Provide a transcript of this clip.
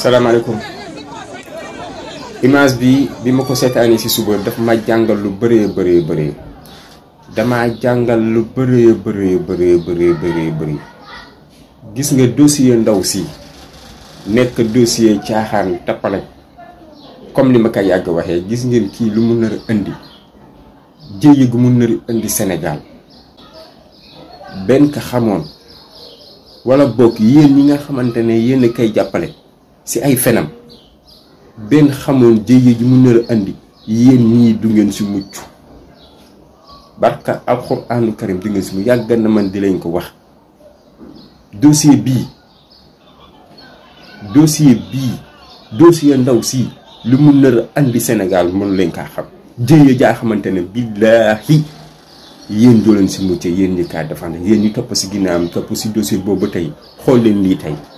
salaamaaleykum image bi bi ma ko seetaanee ci suba dafa ma jàngal lu bëree bëree bëri damaa jàngal lu bëree bëree gis nga dossier ndaw si nekk dossier caaxaan tappale comme li ma ko yàgg waxee gis ngeen kii lu mu nar a indi jéye gu mu nar indi Sénégal benn ka xamoon wala bokk yéen ñi nga xamante ne yéen a koy jàppale si ay fenam ben xamul jéye ji mu nar andi yeen ni du ngeen si muccu barka alquranu karim du ngeen si mu yagga na man di lañ ko wax dossier bii dossier bi dossier ndaw si lu mu nar andi senegal mu lañ kaa xam jéye ja xamantene billahi yeen do doo ci si yeen ni ka kaa yeen ni top ci si top ci dossier bobu tay xol leen li tay